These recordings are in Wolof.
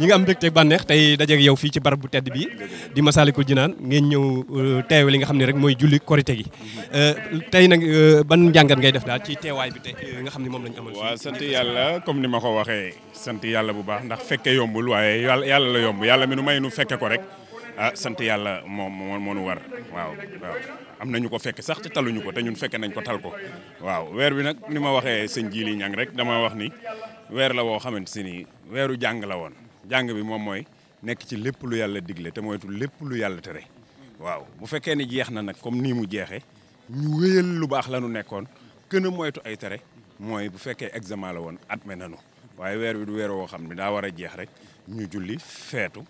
ñu ngi am mbégte bànneex tey dajeeg yow fii ci barab bu tedd bi di Masaalikul naan ngeen ñëw euh, teewe li nga xam ne rek mooy julli korite gi euh, tey nag euh, ban njàngat ngay def daal ci teewaay nga xam ne moom lañu amal waaw sant yàlla comme ni ma ko waxee sant yàlla bu baax ndax fekke yombul waaye yàlla yàlla la yomb yàlla mi nu may nu fekke ko rek ah sant yàlla moom moo nu war waaw am nañu ko fekk sax te taluñu ko te ñun fekke nañ ko tal ko waaw weer bi nag ni ma waxee sëñ Jili Ñang rek dama wax ni weer la woo xamante si ni weeru jàng la woon jàng bi moom mooy nekk ci lépp lu yàlla digle te moytu lépp lu yàlla tere waaw bu fekkee ne jeex na nag comme nii mu jeexee ñu wéyal lu baax la nu nekkoon gën moytu ay tere mooy bu fekkee examen la woon at admet nanu waaye weer wi du weer woo xam ne daa war a jeex rek ñu julli feetu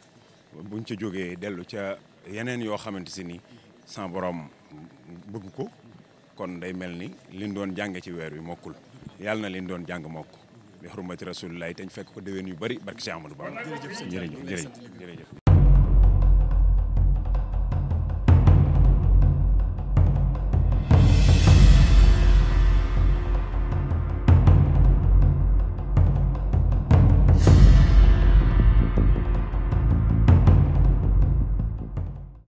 buñ ca jógee dellu ca yeneen yoo xamante si ni sans borom bëgg ko kon day mel ni liñ doon jàng ci weer wi mokkul yàlla na liñ doon jàng mokk bi xurmati rasulillahi te ñu fekk ko déwén yu bëri barki si Amadou Ba jërëjëf jërëjëf jërëjëf